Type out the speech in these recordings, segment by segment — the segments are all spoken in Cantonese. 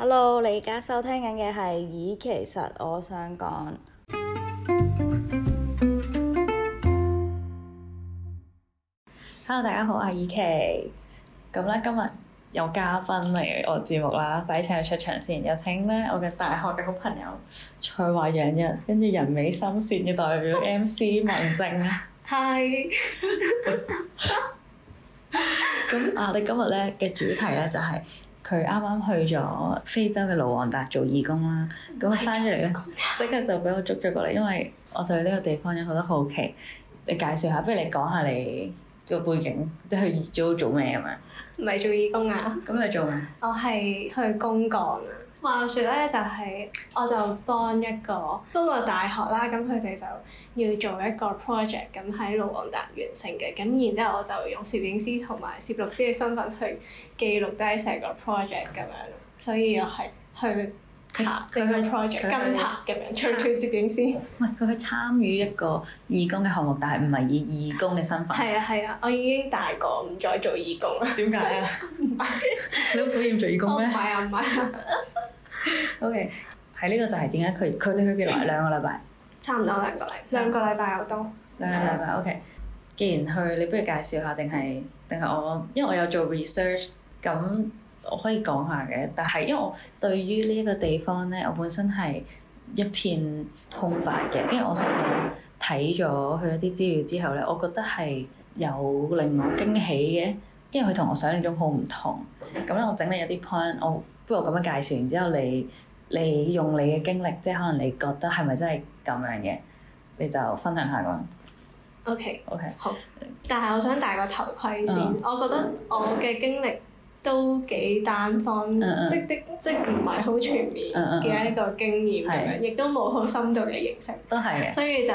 Hello，你而家收聽緊嘅係與其實我想講。Hello，大家好，啊以琪，咁咧今日有嘉賓嚟我節目啦，快啲請佢出場先。有請咧我嘅大學嘅好朋友才華洋溢，跟住人美心善嘅代表 MC 雯靖啊。Hi 咁啊，你 Hi. 今日咧嘅主題咧就係、是。佢啱啱去咗非洲嘅盧旺達做義工啦，咁翻、啊、出嚟咧，即 刻就俾我捉咗過嚟，因為我就喺呢個地方有好多好奇。你介紹下，不如你講下你個背景，即係做做咩咁樣？唔係做義工啊？咁 你做咩？我係去公幹。啊。話説咧，就是，就係我就幫一個幫個大學啦，咁佢哋就要做一個 project，咁喺盧旺達完成嘅，咁然之後我就用攝影師同埋攝錄師嘅身份去記錄低成個 project 咁樣，所以我係去。佢、欸、去 project 去跟拍咁樣，長長攝影師。唔係佢去參與一個義工嘅項目，但係唔係以義工嘅身份。係啊，係啊，我已經大個唔再做義工啦。點解啊？唔係 是 你好討厭做義工咩？唔係啊，唔係啊。啊 OK，喺呢個就係點解佢佢哋去幾耐？兩個禮拜。 差唔多兩個禮兩個禮拜有多。兩個禮拜 OK。既然去，你不如介紹下，定係定係我？因為我有做 research 咁。我可以講下嘅，但係因為我對於呢一個地方咧，我本身係一片空白嘅。跟住我上網睇咗佢一啲資料之後咧，我覺得係有令我驚喜嘅，因為佢同我想像中好唔同。咁咧，我整理一啲 point，我不如我咁樣介紹。然之後你你用你嘅經歷，即係可能你覺得係咪真係咁樣嘅，你就分享下咁。OK, OK，好，但係我想戴個頭盔先。Uh huh. 我覺得我嘅經歷。都幾單方面 uh uh 即，即的即唔係好全面嘅一個經驗咁，uh uh uh, 亦都冇好深度嘅認識。都係啊！所以就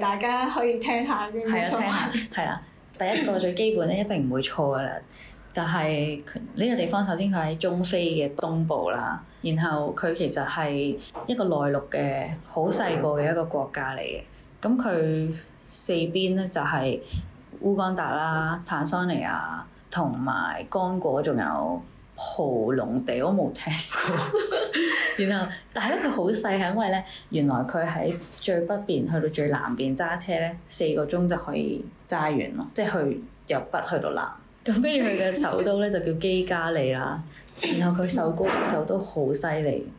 大家可以聽下嘅。係啊，聽下。係啦， 第一個最基本咧，一定唔會錯噶啦，就係、佢、呢個地方首先佢喺中非嘅東部啦，然後佢其實係一個內陸嘅好細個嘅一個國家嚟嘅。咁佢四邊咧就係烏干達啦、坦桑尼亞。同埋乾果，仲有蒲龍地，我冇聽過。然 後，但係咧，佢好細係因為咧，原來佢喺最北邊去到最南邊揸車咧，四個鐘就可以揸完咯，即係去由北去到南。咁跟住佢嘅首都咧就叫基加利啦。然後佢首個首都好犀利，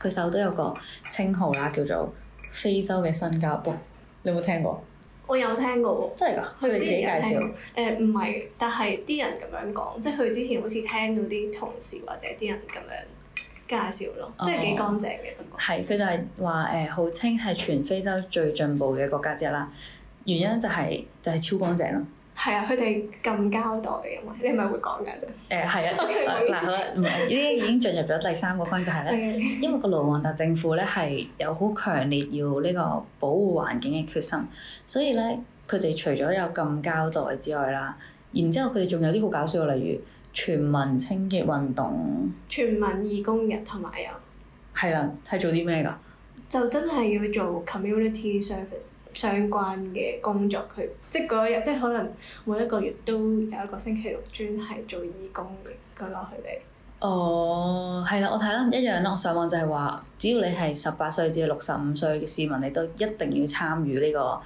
佢首都有個稱號啦，叫做非洲嘅新加坡。你有冇聽過？我有聽過喎，佢自己介紹，誒唔係，但係啲人咁樣講，即係佢之前好似聽到啲同事或者啲人咁樣介紹咯，哦、即係幾乾淨嘅。係佢就係話誒，號稱係全非洲最進步嘅國家之一啦，原因就係、是、就係、是、超乾淨咯。係音色啊，佢哋咁交代嘅嘛，你係咪會講㗎啫？誒係啊，嗱好啦，唔係呢啲已經進入咗第三個分，就係咧，因為個盧旺達政府咧係有好強烈要呢個保護環境嘅決心，所以咧佢哋除咗有咁交代之外啦，然之後佢哋仲有啲好搞笑，例如全民清潔運動、全民義工日同埋有，係啦、啊，係做啲咩㗎？就真係要做 community service 相關嘅工作，佢即係嗰日，即係可能每一個月都有一個星期六專係做義工嘅嗰個佢哋去哦，係啦，我睇啦一樣啦，我上網就係話，只要你係十八歲至六十五歲嘅市民，你都一定要參與呢個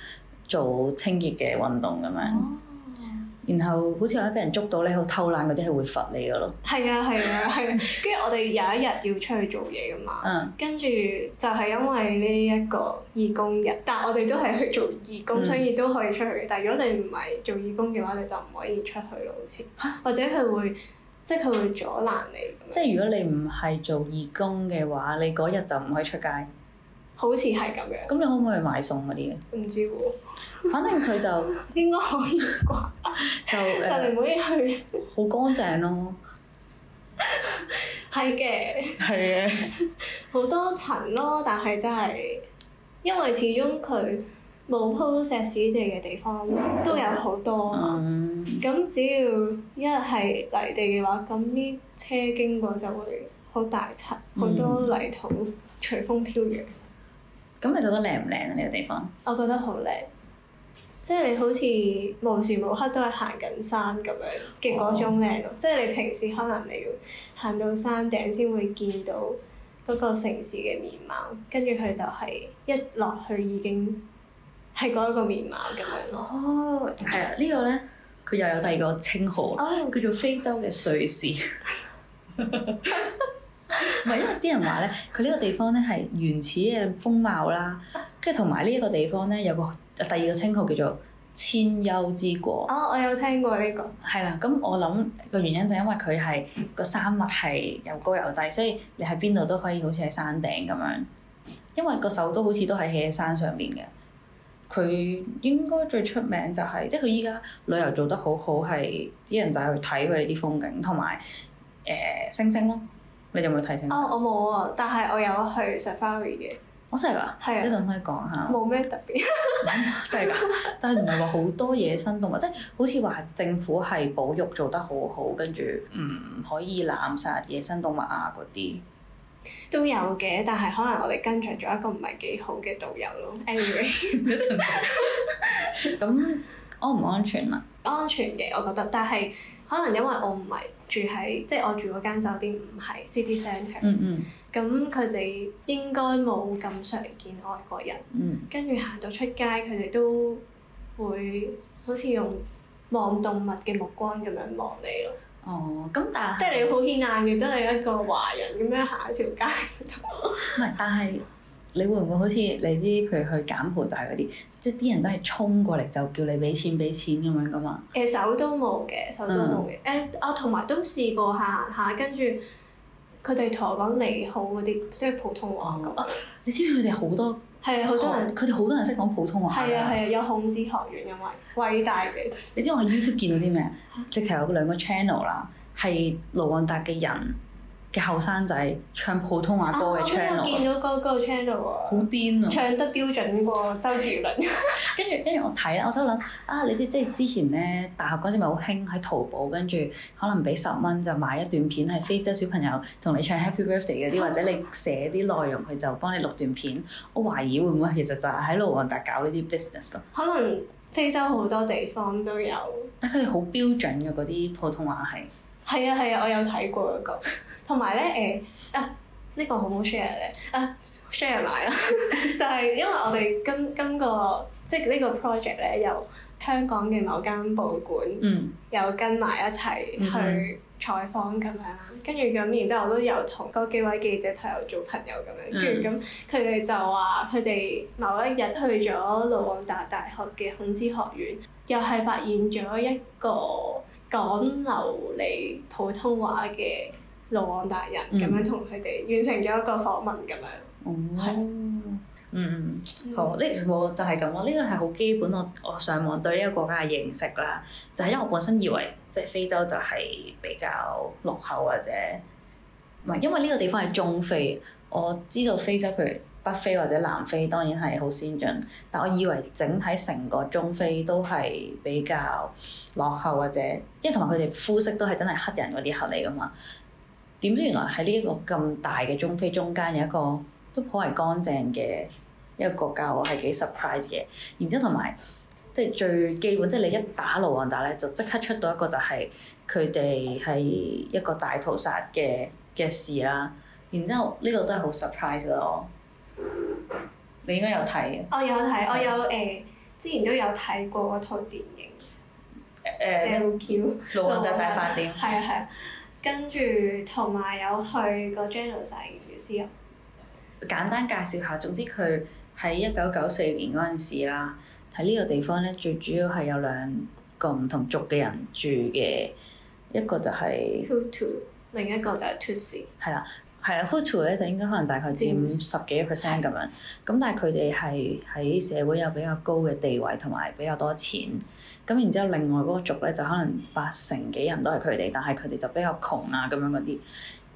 做清潔嘅運動咁樣。哦嗯。然後好似話俾人捉到你好偷懶嗰啲係會罰你噶咯。係啊，係啊，係啊。跟住我哋有一日要出去做嘢噶嘛。嗯。 跟住就係因為呢一個義工日，但係我哋都係去做義工，所以都可以出去嘅。但係如果你唔係做義工嘅話，你就唔可以出去咯，好似。或者佢會， 即係佢會阻攔你。即係如果你唔係做義工嘅話，你嗰日就唔可以出街。好似係咁樣。咁你可唔可以買餸嗰啲嘅？唔知喎、啊，反正佢就 應該可以啩。就但你唔可以去好乾淨咯。係嘅，係嘅，好多塵咯。但係真係因為始終佢冇鋪石屎地嘅地方都有好多啊。咁、um、只要一係泥地嘅話，咁啲車經過就會好大塵，好多泥土隨風飄揚。咁你覺得靚唔靚啊？呢個地方我覺得好靚，即係你好似無時無刻都係行緊山咁樣嘅嗰種靚咯。Oh. 即係你平時可能你要行到山頂先會見到嗰個城市嘅面貌，跟住佢就係一落去已經係嗰一個面貌咁樣咯。哦、oh，係啊，呢個呢，佢又有第二個稱號，oh. 叫做非洲嘅瑞士。 唔係， 因為啲人話咧，佢呢個地方咧係原始嘅風貌啦，跟住同埋呢一個地方咧有個第二個稱號叫做千丘之國。哦，我有聽過呢個。係啦，咁我諗個原因就係因為佢係個山脈係又高又低，所以你喺邊度都可以好似喺山頂咁樣。因為個首都好似都係喺山上邊嘅。佢應該最出名就係即係佢依家旅遊做得好好，係啲人就係去睇佢哋啲風景同埋誒星星咯。你有冇睇清？我？啊，我冇啊，但係我有去 Safari 嘅。我真係㗎？係啊。一陣可以講下。冇咩特別。真係㗎。是是 但係唔係話好多野生動物，即係好似話政府係保育做得好好，跟住唔可以濫殺野生動物啊嗰啲。都有嘅，但係可能我哋跟隨咗一個唔係幾好嘅導遊咯。Anyway，咁安唔安全啊？安全嘅，我覺得，但係。可能因為我唔係住喺，即係我住嗰間酒店唔係 city centre，e 咁佢哋應該冇咁常見外國人，跟住行到出街佢哋都會好似用望動物嘅目光咁樣望你咯。哦，咁但係即係你好顯眼嘅，都係一個華人咁樣行一條街唔係， 但係。你會唔會好似你啲譬如去柬埔寨嗰啲，即係啲人都係衝過嚟就叫你俾錢俾錢咁樣噶嘛？誒首都冇嘅，首都冇嘅。誒、嗯欸，我同埋都試過行行下，跟住佢哋同我講你好嗰啲，即係普通話咁。嗯、你知唔知佢哋好多係好多人，佢哋好多人識講普通話。係啊係啊，有孔子學院因為偉大嘅。你知我喺 YouTube 見到啲咩啊？ 直頭有兩個 channel 啦，係盧旺達嘅人。嘅後生仔唱普通話歌嘅 channel，我見到嗰個 channel 好癲啊，啊啊唱得標準過、啊、周杰倫。跟住跟住我睇啦，我心諗啊，你知即係之前咧大學嗰時咪好興喺淘寶，跟住可能俾十蚊就買一段片係非洲小朋友同你唱 Happy Birthday 嗰啲，啊、或者你寫啲內容佢就幫你錄段片。我懷疑會唔會其實就係喺盧旺達搞呢啲 business 咯？可能非洲好多地方都有，但係佢哋好標準嘅嗰啲普通話係。係啊係啊，我有睇過嗰、那個，同埋咧誒啊呢、這個好唔好 share 咧啊 share 埋啦，就係、是、 因為我哋今今個即係呢個 project 咧，有香港嘅某間報館、嗯，有跟埋一齊去、嗯。採訪咁樣啦，跟住咁，然之後我都有同嗰幾位記者朋友做朋友咁樣，跟住咁，佢哋就話佢哋某一日去咗盧旺達大學嘅孔子學院，又係發現咗一個講流利普通話嘅盧旺達人，咁樣同佢哋完成咗一個訪問咁樣，係、mm.。嗯嗯，好，呢個就係咁咯。呢個係好基本，我我上網對呢個國家嘅認識啦。就係因為我本身以為即係非洲就係比較落後或者，唔係因為呢個地方係中非。我知道非洲譬如北非或者南非當然係好先進，但我以為整體成個中非都係比較落後或者，因為同埋佢哋膚色都係真係黑人嗰啲合理噶嘛。點知原來喺呢一個咁大嘅中非中間有一個好為乾淨嘅一個國家，我係幾 surprise 嘅。然之後同埋即係最基本，即係你一打盧旺達咧，就即刻出到一個就係佢哋係一個大屠殺嘅嘅事啦。然之後呢、呢個都係好 surprise 咯。你應該有睇？我有睇，是我有誒之前都有睇過嗰套電影，誒叫、uh，《盧旺達大飯店》大。係啊係啊，跟住同埋有去個 journalist 獵獵簡單介紹下，總之佢喺一九九四年嗰陣時啦，喺呢個地方咧，最主要係有兩個唔同族嘅人住嘅，一個就係、是、Hutu，另一個就係 Tutsi。係啦，係啦，Hutu 咧就應該可能大概佔十幾 percent 咁樣，咁但係佢哋係喺社會有比較高嘅地位同埋比較多錢，咁然之後另外嗰個族咧就可能八成幾人都係佢哋，但係佢哋就比較窮啊咁樣嗰啲。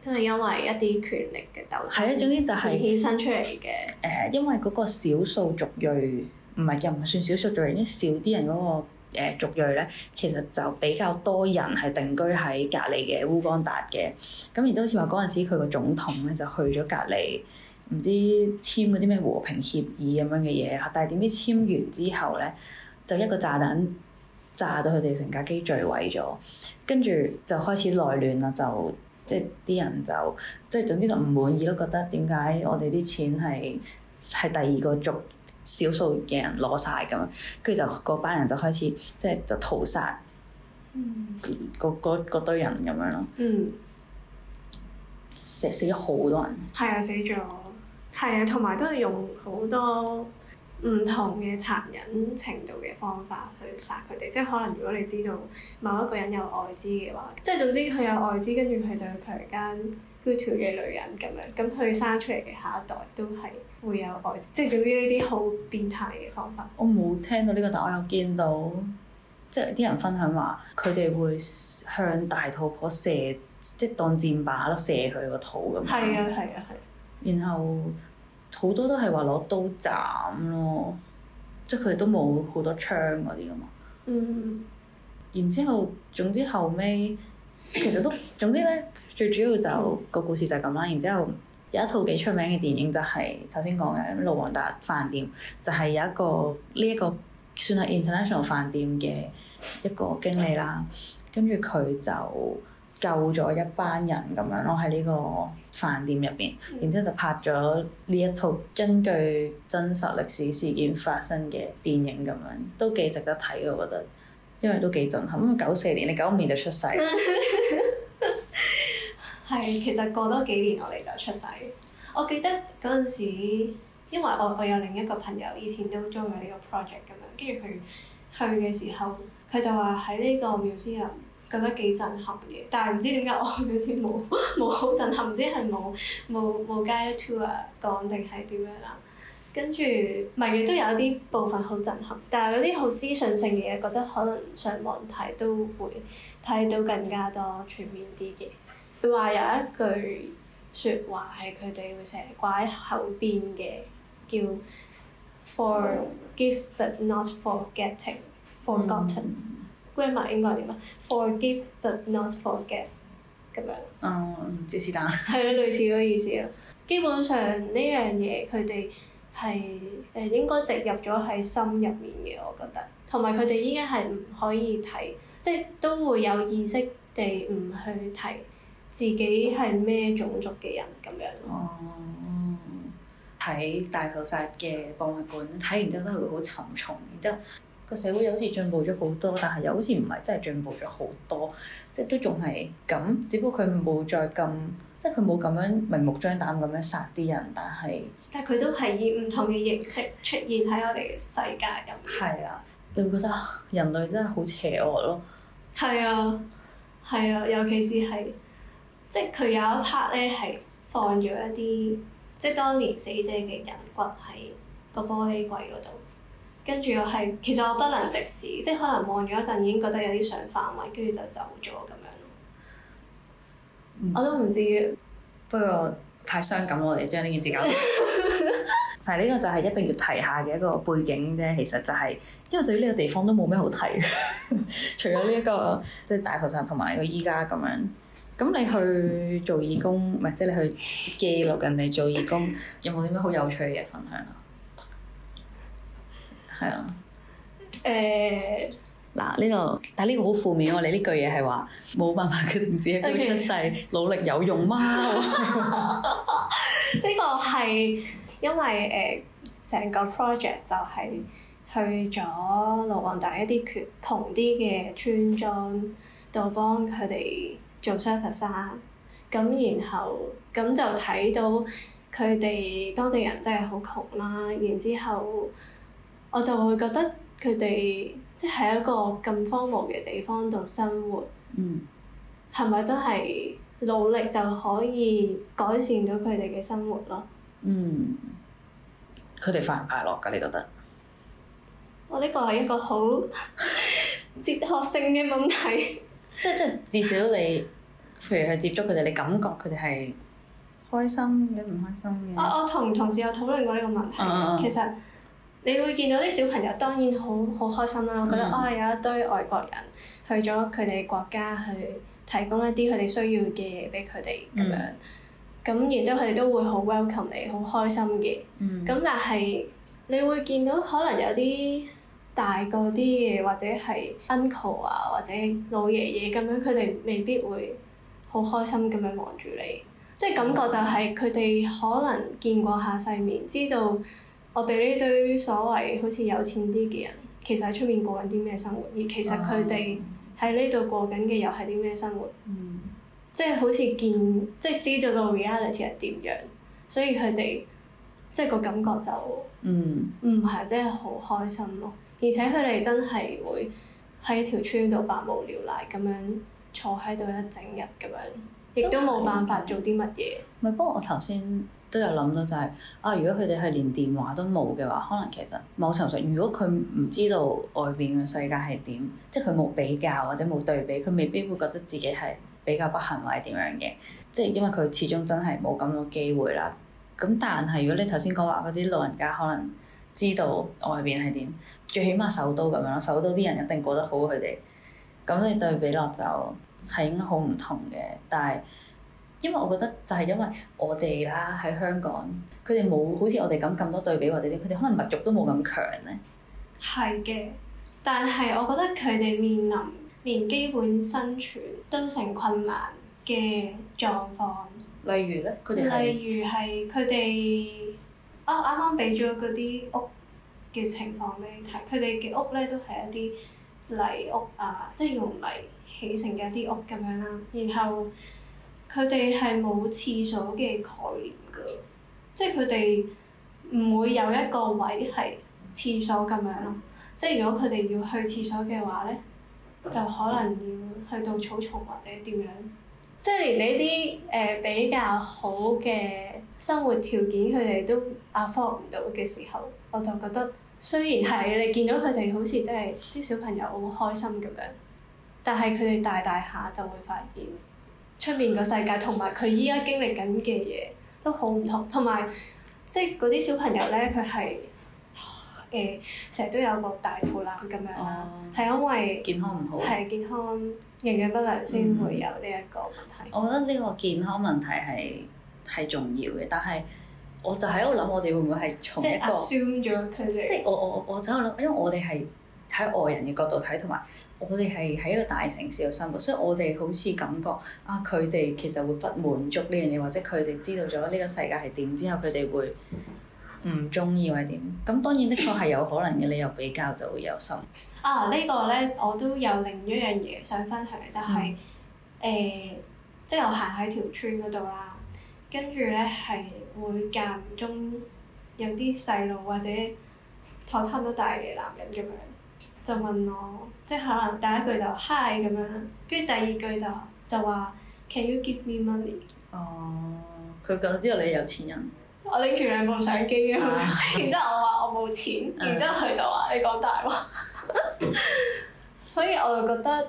都係因為一啲權力嘅鬥爭係啊、嗯，總之就係衍生出嚟嘅誒，因為嗰個少數族裔唔係又唔算少數族裔，啲少啲人嗰個族裔咧、那個呃，其實就比較多人係定居喺隔離嘅烏干達嘅。咁亦都好似話嗰陣時佢個總統咧就去咗隔離，唔知簽嗰啲咩和平協議咁樣嘅嘢。但係點知簽完之後咧，就一個炸彈炸到佢哋成架機墜毀咗，跟住就開始內亂啦，就～、嗯即係啲人就，即係總之就唔滿意咯，覺得點解我哋啲錢係係第二個族少數嘅人攞晒咁樣，跟住就嗰班人就開始即係就屠殺，嗰、嗯、堆人咁樣咯。嗯，死死咗好多人。係啊，死咗，係啊，同埋都係用好多。唔同嘅殘忍程度嘅方法去殺佢哋，即係可能如果你知道某一個人有愛滋嘅話，即係總之佢有愛滋，跟住佢就係強奸圖西嘅女人咁樣，咁佢生出嚟嘅下一代都係會有愛滋，即係總之呢啲好變態嘅方法。我冇聽到呢個答案，但係我有見到，即係啲人分享話佢哋會向大肚婆射，即係當箭靶咯，射佢個肚咁樣。係啊，係啊，係啊。啊，然後。好多都係話攞刀斬咯，即係佢哋都冇好多槍嗰啲噶嘛。嗯，然之後總之後尾，其實都總之咧，最主要就，嗯、個故事就係咁啦。然之後有一套幾出名嘅電影就係頭先講嘅《盧旺達飯店》，就係、是，有一個呢一，嗯、個算係 international 飯店嘅一個經理啦，跟住佢就救咗一班人咁樣咯，喺呢個飯店入邊，然之後就拍咗呢一套根據真實歷史事件發生嘅電影咁樣，都幾值得睇嘅，我覺得，因為都幾震撼。咁九四年你九五年就出世，係 其實過多幾年我哋就出世。我記得嗰陣時，因為我我有另一個朋友以前都鍾意呢個 project 咁樣，跟住佢去嘅時候，佢就話喺呢個 museum。覺得幾震撼嘅，但係唔知點解我好似冇冇好震撼，唔知係冇冇冇 guide tour 講定係點樣啦。跟住唔係嘅，亦都有啲部分好震撼，但係嗰啲好資訊性嘅嘢，覺得可能上網睇都會睇到更加多全面啲嘅。佢話有一句説話係佢哋會成日掛喺口邊嘅，叫 forgive but not forgetting forgotten。For grandma 應該點啊？Forgive but not forget 咁樣。嗯，即是但係類似嗰意思咯。基本上呢樣嘢佢哋係誒應該植入咗喺心入面嘅，我覺得。同埋佢哋依家係唔可以提，嗯、即係都會有意識地唔去提自己係咩種族嘅人咁樣。哦、嗯，睇大屠殺嘅博物館，睇完之後都係會好沉重，然之後。社會又好似進步咗好多，但係又好似唔係真係進步咗好多，即係都仲係咁。只不過佢冇再咁，即係佢冇咁樣明目張膽咁樣殺啲人，但係但係佢都係以唔同嘅形式出現喺我哋嘅世界入面。係、嗯、啊，你會覺得、啊、人類真係好邪惡咯。係啊，係啊，尤其是係，即係佢有一 part 咧係放咗一啲，即係當年死者嘅人骨喺個玻璃櫃嗰度。跟住又係，其實我不能直視，即係可能望咗一陣已經覺得有啲想範圍，跟住就走咗咁樣咯。不行 我都唔知。不過、嗯、太傷感我哋將呢件事搞掂。但呢個就係一定要提下嘅一個背景啫，其實就係、是、因為對呢個地方都冇咩好睇，除咗呢一個即係 大屠殺同埋佢依家咁樣。咁你去做義工，唔係即係你去記錄人哋做義工，有冇啲咩好有趣嘅分享啊？係啊，誒嗱呢度，但係呢個好負面喎！ 你呢句嘢係話冇辦法決定自己出世 Okay. 努力有用嗎？呢 個係因為誒成、呃、個 project 就係去咗盧旺達一啲窮窮啲嘅村莊度幫佢哋做 service 山，咁然後咁就睇到佢哋當地人真係好窮啦，然之後。我就會覺得佢哋即係喺一個咁荒蕪嘅地方度生活，嗯，係咪真係努力就可以改善到佢哋嘅生活咯？嗯，佢哋快唔快樂㗎？你覺得？我呢個係一個好哲學性嘅問題 即。即即係至少你，譬如去接觸佢哋，你感覺佢哋係開心定唔開心嘅、啊。我我同同事有討論過呢個問題，啊、其實。你會見到啲小朋友，當然好好開心啦！Mm hmm. 我覺得啊，有一堆外國人去咗佢哋國家，去提供一啲佢哋需要嘅嘢俾佢哋咁樣。咁然之後，佢哋都會好 welcome 你，好開心嘅。咁、mm hmm. 但係你會見到可能有啲大個啲嘅，或者係 uncle 啊，或者老爺爺咁樣，佢哋未必會好開心咁樣望住你，即係感覺就係佢哋可能見過下世面，知道。我哋呢堆所謂好似有錢啲嘅人，其實喺出面過緊啲咩生活？而其實佢哋喺呢度過緊嘅又係啲咩生活？嗯、即係好似見，即係知道個 reality 係點樣，所以佢哋即係個感覺就唔係真係好開心咯。嗯嗯、而且佢哋真係會喺條村度百無聊賴咁樣坐喺度一整日咁樣，亦都冇辦法做啲乜嘢。唔係，不過我頭先，都有諗到就係、是、啊，如果佢哋係連電話都冇嘅話，可能其實某程度如果佢唔知道外邊嘅世界係點，即係佢冇比較或者冇對比，佢未必會覺得自己係比較不幸或者點樣嘅。即係因為佢始終真係冇咁多機會啦。咁但係如果你頭先講話嗰啲老人家，可能知道外邊係點，最起碼首都咁樣，首都啲人一定過得好佢哋。咁你對比落就係應該好唔同嘅，但係。因為我覺得就係因為我哋啦喺香港，佢哋冇好似我哋咁咁多對比或者啲，佢哋可能物慾都冇咁強咧。係嘅，但係我覺得佢哋面臨連基本生存都成困難嘅狀況。例如咧，佢哋例如係佢哋啊，啱啱俾咗嗰啲屋嘅情況俾你睇，佢哋嘅屋咧都係一啲泥屋啊，即係用泥起成嘅一啲屋咁樣啦，然後。佢哋係冇廁所嘅概念㗎，即係佢哋唔會有一個位係廁所咁樣囉。即係如果佢哋要去廁所嘅話咧，就可能要去到草叢或者點樣。即係連呢啲誒比較好嘅生活條件，佢哋都 afford 唔到嘅時候，我就覺得雖然係你見到佢哋好似真係啲小朋友好開心咁樣，但係佢哋大大下就會發現。出面個世界同埋佢依家經歷緊嘅嘢都好唔同，同埋即係嗰啲小朋友咧，佢係誒成日都有個大肚腩咁樣啦，係、哦、因為健康唔好，係健康營養不良先會有呢一個問題。嗯、我覺得呢個健康問題係係重要嘅，但係我就喺度諗，我哋會唔會係從一個即係我我我我就喺度諗，因為我哋係，喺外人嘅角度睇，同埋我哋係喺一個大城市度生活，所以我哋好似感覺啊，佢哋其實會不滿足呢樣嘢，或者佢哋知道咗呢個世界係點之後，佢哋會唔中意或者點咁。當然，的確係有可能嘅，你又比較就會有心啊。這個、呢個咧，我都有另一樣嘢想分享，就係、是、誒、嗯欸，即係我行喺條村嗰度啦，跟住咧係會間唔中有啲細路或者坐差唔多大嘅男人咁樣。就問我，即係可能第一句就 Hi 咁樣，跟住第二句就就話 Can you give me money？哦，佢講知道你係有錢人。我拎住兩部相機咁，啊、 然之後我話我冇錢，啊、然之後佢就話、啊、你講大話。 所以我就覺得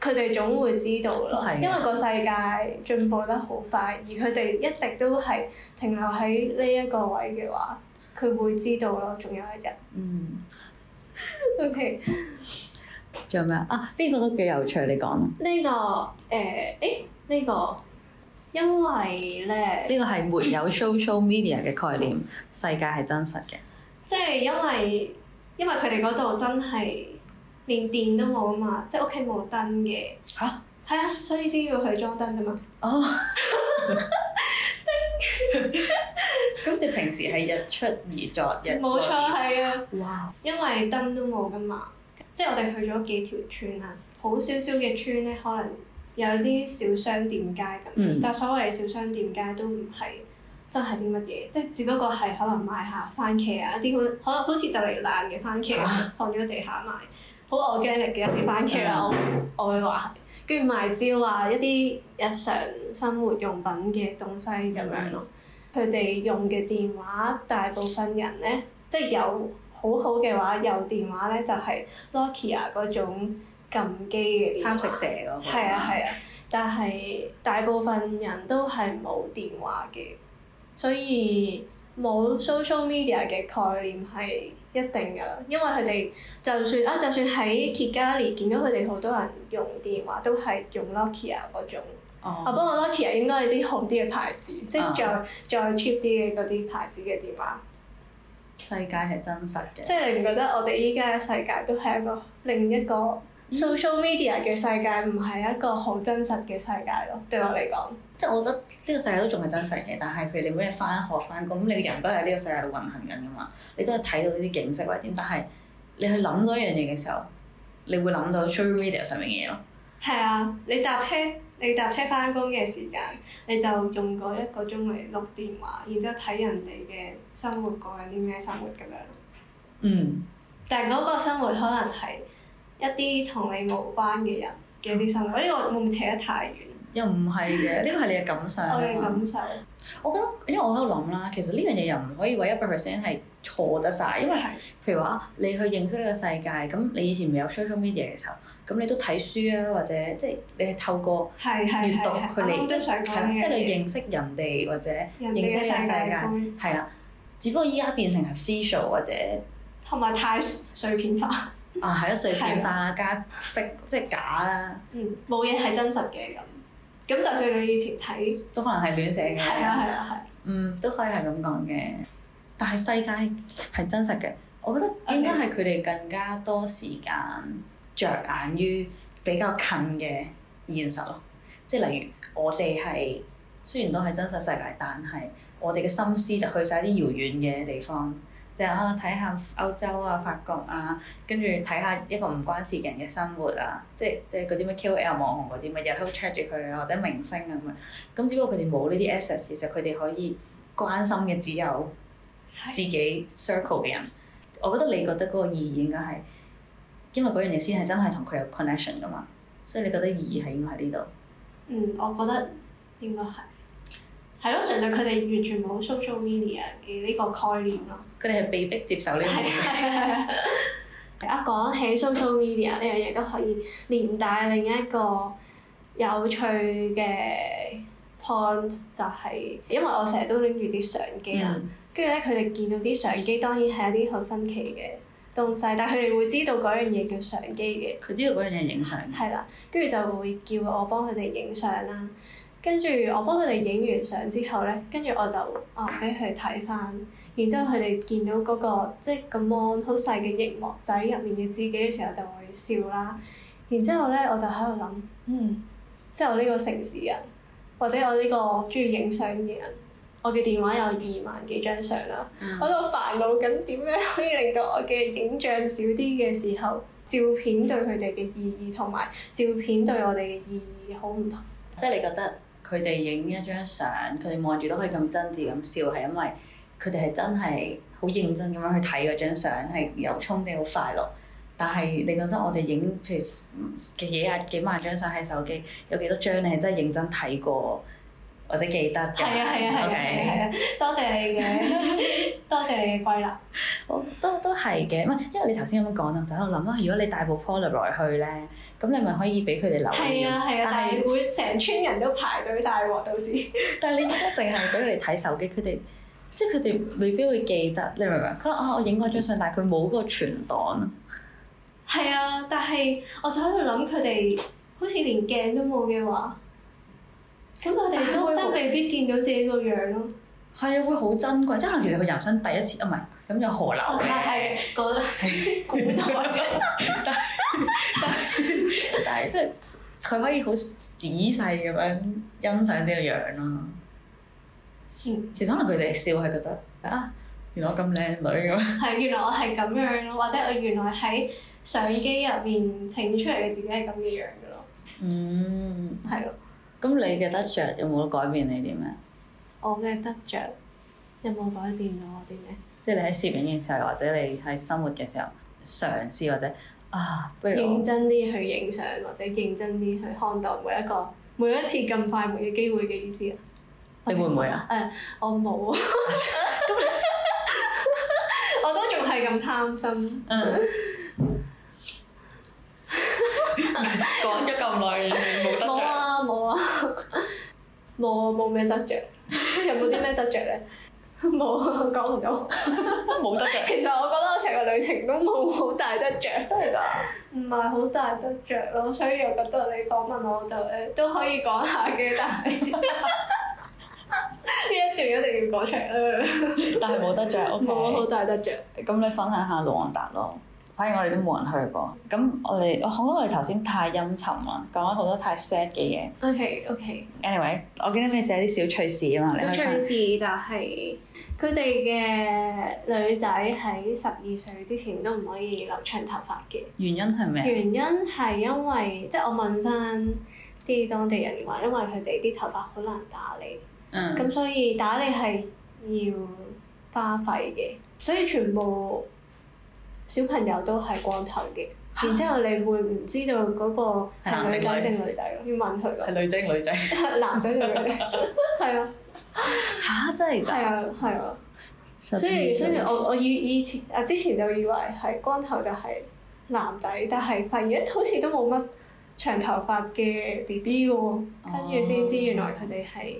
佢哋總會知道咯，因為個世界進步得好快，而佢哋一直都係停留喺呢一個位嘅話，佢會知道咯，仲有一日。嗯。OK，仲有咩啊？呢、這個都幾有趣，你講啦。呢、這個誒，誒、呃，呢、欸這個因為咧，呢個係沒有 social media 嘅概念， 世界係真實嘅。即係因為因為佢哋嗰度真係連電都冇啊嘛，即係屋企冇燈嘅。吓、啊，係啊，所以先要去裝燈嘅嘛。哦。 對 咁你平時係日出而作，日冇錯，係啊！哇！因為燈都冇噶嘛，即係我哋去咗幾條村啊，好少少嘅村咧，可能有啲小商店街咁，但係所謂嘅小商店街都唔係真係啲乜嘢，即係只不過係可能賣下番茄啊，一啲好好好似就嚟爛嘅番茄放咗地下賣，好我 r g a n 嘅一啲番茄啊、嗯，我會話，跟住賣蕉啊，一啲日常生活用品嘅東西咁、嗯、樣咯。佢哋用嘅電話，大部分人咧，即係有好好嘅話，有電話咧就係 Nokia 嗰種撳機嘅電話。貪食蛇嗰個。係啊係啊，啊 但係大部分人都係冇電話嘅，所以冇 social media 嘅概念係一定㗎啦。因為佢哋就算啊，就算喺 Kigali 見到佢哋好多人用電話，都係用 Nokia 嗰種。啊不過 Nokia 啊應該係啲好啲嘅牌子，即、就、係、是、再、oh. 再 cheap 啲嘅嗰啲牌子嘅電話。世界係真實嘅。即係你唔覺得我哋依家嘅世界都係一個另一個 social media 嘅世界，唔係一個好真實嘅世界咯？對我嚟講，嗯、即係我覺得呢個世界都仲係真實嘅，但係譬如你每日返學返工，你個人都喺呢個世界度運行緊㗎嘛，你都係睇到呢啲景色或者點，但係你去諗嗰樣嘢嘅時候，你會諗到 social media 上面嘅嘢咯。係啊，你搭車。你搭車翻工嘅時間，你就用嗰一個鐘嚟錄電話，然之後睇人哋嘅生活過緊啲咩生活咁樣。嗯。但係嗰個生活可能係一啲同你無關嘅人嘅啲生活，呢個會唔會扯得太遠？又唔係嘅，呢個係你嘅感受。我嘅感受。吧我覺得，因為我喺度諗啦，其實呢樣嘢又唔可以話一百 percent 係錯得晒，因為譬如話你去認識呢個世界，咁你以前未有 social media 嘅時候，咁你都睇書啊，或者即係你係透過閱讀佢嚟，即係你認識人哋或者認識曬世界，係啦。只不過依家變成係 fashion 或者同埋太碎片化。啊係啊，碎片化啦，是的 加 fake 即係假啦。冇嘢係真實嘅咁。咁就算你以前睇，都可能係亂寫嘅。係啊，係啊，係啊。嗯，都可以係咁講嘅。但係世界係真實嘅，我覺得應該係佢哋更加多時間着眼於比較近嘅現實咯。Okay. 即係例如我哋係雖然都係真實世界，但係我哋嘅心思就去晒啲遙遠嘅地方。就啊睇下歐洲啊，法國啊，跟住睇下一個唔關事的人嘅生活啊，即係即係嗰啲咩 KOL 網紅嗰啲咪日日都 check 住佢啊或者明星啊咁啊，咁只不過佢哋冇呢啲 access，其實佢哋可以關心嘅只有自己 circle 嘅人。的我覺得你覺得嗰個意義應該係，因為嗰樣嘢先係真係同佢有 connection 㗎嘛，所以你覺得意義係應該喺呢度。嗯，我覺得應該係。係咯，純粹佢哋完全冇 social media 嘅呢個概念咯。佢哋係被逼接受呢樣嘢。一講起 social media 呢樣嘢，都可以連帶另一個有趣嘅 point，就係、係、因為我成日都拎住啲相機啊，跟住咧佢哋見到啲相機，當然係一啲好新奇嘅東西，但係佢哋會知道嗰樣嘢叫相機嘅。佢知道嗰樣嘢影相。係啦，跟住就會叫我幫佢哋影相啦。跟住我幫佢哋影完相之後咧，跟住我就啊俾佢睇翻，然之後佢哋見到嗰個即係個 mon 好細嘅熒幕仔入面嘅自己嘅時候就會笑啦。然之後咧我就喺度諗，嗯，即係我呢個城市人，或者我呢個中意影相嘅人，我嘅電話有二萬幾張相啦，嗯、我度煩惱緊點樣可以令到我嘅影像少啲嘅時候，照片對佢哋嘅意義同埋照片對我哋嘅意義好唔同。嗯、即係你覺得？佢哋影一張相，佢哋望住都可以咁真摯咁笑，係因為佢哋係真係好認真咁樣去睇嗰張相，係由衷嘅好快樂。但係你覺得我哋影譬如幾日幾萬張相喺手機，有幾多張你係真係認真睇過或者記得嘅？係啊係啊係啊係啊，多謝你嘅。 正規啦，我都都係嘅，唔係因為你頭先咁樣講啦，我就喺度諗啊，如果你帶部 Polaroid 落去咧，咁你咪可以俾佢哋留？係啊係啊，啊但係是會成村人都排隊大鑊到時。 但係你而家淨係俾佢哋睇手機，佢哋即係佢哋未必會記得，你明唔明？佢話啊，我影過張相，但係佢冇個存檔。係啊，但係我就喺度諗，佢哋好似連鏡都冇嘅話，咁我哋都真係未必見到自己個樣咯。係啊，會好珍貴，即係其實佢人生第一次，唔係咁有河流。係係，嗰、嗰個、古代咁 但， 但係即係佢可以好仔細咁樣欣賞呢個樣咯。嗯，其實可能佢哋笑係覺得啊，原來我咁靚女㗎。係原來我係咁樣咯，或者我原來喺相機入面呈現出嚟嘅自己係咁嘅樣㗎咯。嗯，係咯。咁你嘅得著有冇改變你點樣？我嘅得着，有冇改變到我啲咩？即係你喺攝影嘅時候，或者你喺生活嘅時候，嘗試或者啊，不如認真啲去影相，或者認真啲去看待每一個、每一次咁快門嘅機會嘅意思啊？你會唔會啊？誒、 哎，我冇， 我都仲係咁貪心。嗯 講咗咁耐，冇 得冇啊！冇啊！冇啊！冇咩得着？有冇啲咩得着咧？冇啊 不定，講唔到。冇得着。其實我覺得我成個旅程都冇好大得着，真係㗎。唔係好大得着咯，所以我覺得你訪問我就誒、欸、都可以講下嘅，但係呢 一段一定要講出嚟。但係冇得着，我冇好大得着。咁你分享下盧旺達咯。反而我哋都冇人去過，咁我哋好多我哋頭先太陰沉啦，講咗好多太 sad 嘅嘢。OK OK。Anyway，我記得你寫啲小趣事啊嘛，小趣事就係佢哋嘅女仔喺十二歲之前都唔可以留長頭髮嘅。原因係咩？原因係因為即係、就是、我問翻啲當地人話，因為佢哋啲頭髮好難打理。嗯。咁所以打理係要花費嘅，所以全部。小朋友都係光頭嘅，啊、然之後你會唔知道嗰個係女仔定女仔咯？要問佢。係女仔 女仔。男仔定女仔？係啊。吓，真係、啊。係啊係啊歲，所以所以我我以以前啊之前就以為係光頭就係男仔，但係發現，咦，好似都冇乜長頭髮嘅 B B 嘅喎，跟住先知原來佢哋係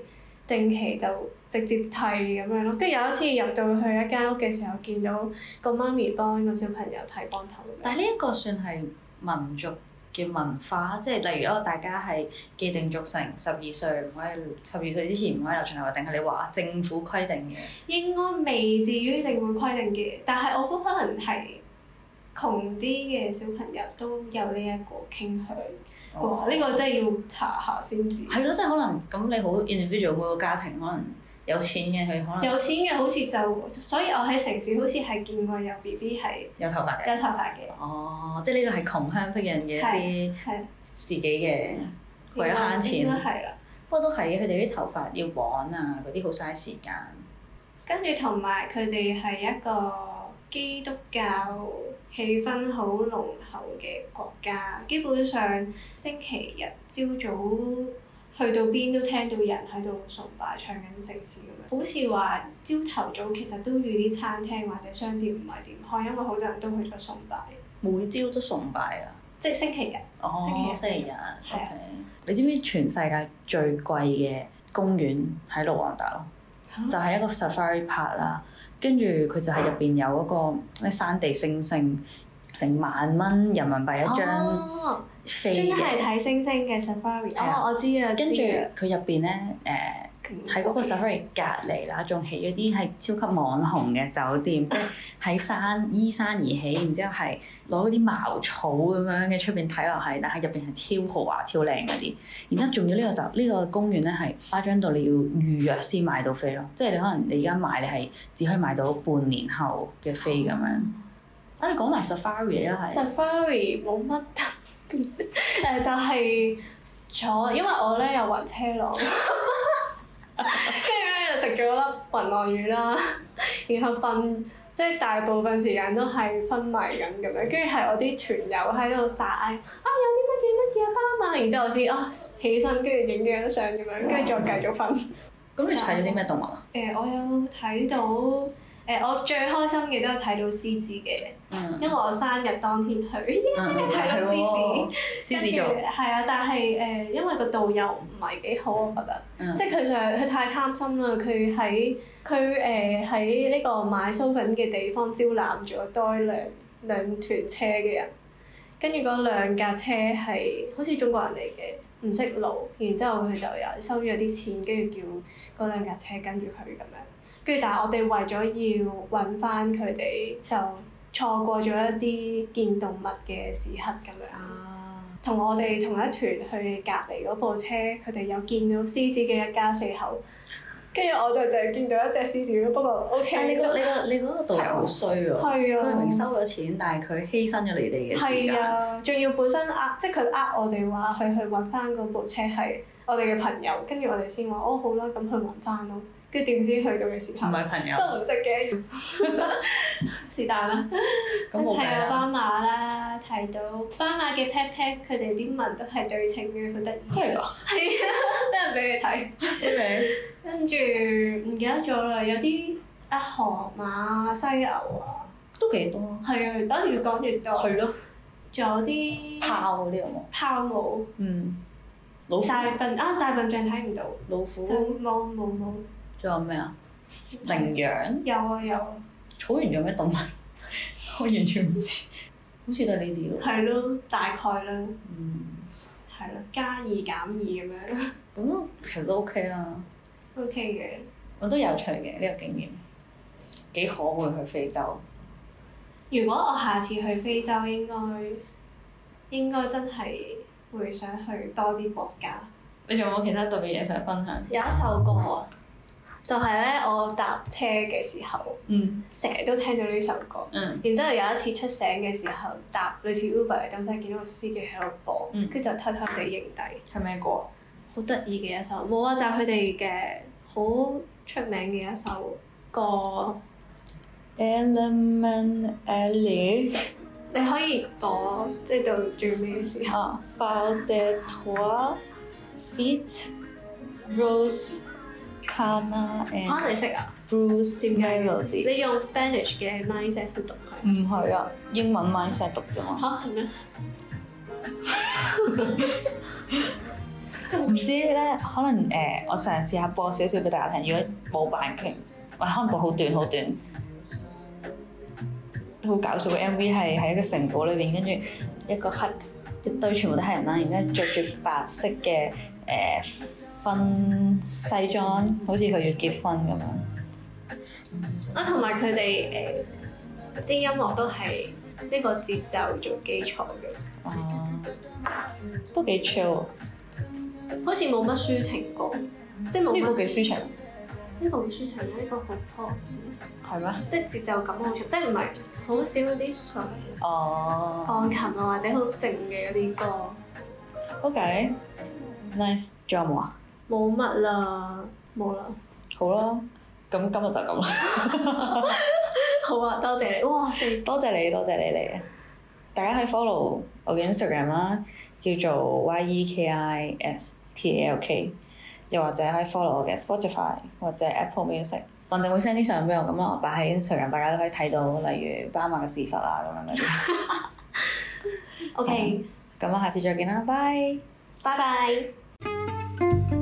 定期就。直接剃咁樣咯，跟住有一次入到去一間屋嘅時候，見到個媽咪幫個小朋友剃光頭。但係呢一個算係民族嘅文化，即係例如一個大家係既定俗成，十二歲唔可以十二歲之前唔可以留長頭髮，定係你話政府規定嘅？應該未至於政府規定嘅，但係我覺得可能係窮啲嘅小朋友都有呢一個傾向啩？呢、哦、個真係要查下先知。係咯，即係可能咁你好 individual 每個家庭可能。有錢嘅佢可能有錢嘅好似就，所以我喺城市好似係見過有 B B 係有頭髮嘅，有頭髮嘅。哦，即係呢個係窮鄉僻壤嘅啲自己嘅為慳錢，不過都係佢哋啲頭髮要綁啊，嗰啲好嘥時間。跟住同埋佢哋係一個基督教氣氛好濃厚嘅國家，基本上星期日朝早。去到邊都聽到人喺度崇拜唱緊聖詩咁樣，好似話朝頭早其實都遇啲餐廳或者商店唔係點開，因為好多人都去咗崇拜。每朝都崇拜啊！即係星期日，哦、星期日，星期日，係 okay. 啊！Okay. 你知唔知全世界最貴嘅公園喺盧旺達咯？啊、就係一個 safari park 啦，跟住佢就係入邊有嗰個咩山地猩猩，啊、成萬蚊人民幣一張。啊專係睇星星嘅 safari 啊！我知啊，跟住佢入邊咧，誒喺嗰個 safari 隔離啦，仲起咗啲係超級網紅嘅酒店，即係喺山依山而起，然之後係攞啲茅草咁樣嘅出邊睇落去，但係入邊係超豪華、超靚嗰啲。然之後仲要呢個就呢個公園咧係誇張到你要預約先買到飛咯，即係你可能你而家買你係只可以買到半年後嘅飛咁樣。啊，你講埋 safari 啊係。safari 冇乜。誒 就係坐，因為我咧有暈車浪，跟住咧又食咗粒暈浪丸啦，然後瞓，即、就、係、是、大部分時間都係昏迷緊咁樣，跟住係我啲團友喺度大嗌、ah,，啊有啲乜嘢乜嘢啊嘛，然之後先啊、ah, 起身，跟住影張相咁樣，跟住再繼續瞓。咁你睇咗啲咩動物啊？誒，我有睇到。誒，我最開心嘅都係睇到獅子嘅，嗯、因為我生日當天去，真係睇到獅子。跟住、嗯，獅子座。係啊，但係誒、呃，因為個導遊唔係幾好，我覺得，嗯、即係佢就佢太貪心啦。佢喺佢誒喺呢個買酥粉嘅地方招攬咗多兩兩團車嘅人，跟住嗰兩架車係好似中國人嚟嘅，唔識路，然之後佢就又收咗啲錢，跟住叫嗰兩架車跟住佢咁樣。跟住，但係我哋為咗要揾翻佢哋，就錯過咗一啲見動物嘅時刻咁樣。同我哋同一團去隔離嗰部車，佢哋有見到獅子嘅一家四口。跟住我淨係見到一隻獅子咯，不過 OK。你個你個你嗰個導遊好衰啊！佢明係啊明收咗錢，但係佢犧牲咗你哋嘅時間。仲要本身呃，即係佢呃我哋話佢去揾翻嗰部車係我哋嘅朋友，跟住我哋先話哦，好啦，咁去揾翻咯。跟住點知去到嘅時候朋友都唔識嘅，是但啦。咁睇下斑馬啦，提到斑馬嘅 pet pet，佢哋啲紋都係對稱嘅，好得意。真係㗎？係啊，都係俾你睇。跟住，唔記得咗啦。有啲阿河馬啊，犀牛啊，都幾多。係啊，反而越講越多。係咯。仲有啲豹嗰啲冇？豹冇。嗯。老虎。大笨啊！大笨象睇唔到。老虎。冇冇冇。仲有咩啊？羚羊，有啊有。草原有咩動物？ 我完全唔知。 好似都係呢啲咯。係咯，大概啦，嗯。係咯，加二減二咁樣咯。咁 其實都、啊、OK 啦的。OK 嘅。我都有趣嘅呢、呢個經驗，幾可憐去非洲。如果我下次去非洲，應該應該真係會想去多啲國家。你仲有冇其他特別嘢想分享？有？有一首歌。啊！就係咧，我搭車嘅時候，嗯，成日都聽到呢首歌，嗯，mm. 然之後有一次出醒嘅時候搭類似 Uber 嘅東西，見到個司機喺度播，跟住、mm. 就偷偷哋影低。係咩歌？好得意嘅一首，冇啊，就佢哋嘅好出名嘅一首歌《Elemental 歌》。e All 你可以播， 即係到最尾嘅時候。啊 a r des t o i i t rose。and 可能你識啊，你用 Spanish 嘅 mindset 去讀佢？唔係啊，英文 mindset 讀啫嘛。嚇點樣？唔知咧，可能誒，我嘗試下播少少俾大家聽。如果冇版權，可能個好短好短，都好搞笑嘅 MV，係喺一個城堡裏邊，跟住一個黑一堆，全部都係黑人啦，然之後着住白色嘅誒。分西裝，好似佢要結婚咁樣。啊，同埋佢哋誒啲音樂都係呢個節奏做基礎嘅。哦，都幾 chill，好似冇乜抒情歌，即係冇乜。呢個幾抒，抒情。呢、呢個好抒情，呢個好 pop。係咩？即係節奏感好強，即係唔係好少嗰啲純哦鋼琴啊，或者靜、哦、好靜嘅嗰啲歌。OK，nice，d r 做 m 啊？冇乜啦，冇啦。好啦，咁今日就咁啦。 好啊，多謝你。哇，多謝,謝你，多謝,謝你哋。大家可以 follow 我嘅 Instagram 啦，叫做 Y E K I S T L K。I S T、L K, 又或者可以 follow 我嘅 Spotify 或者 Apple Music，我哋會 send 啲相俾我咁我擺喺 Instagram 大家都可以睇到，例如斑馬嘅視頻啊咁樣嗰啲 好吧。OK，咁我下次再見啦，拜。拜拜。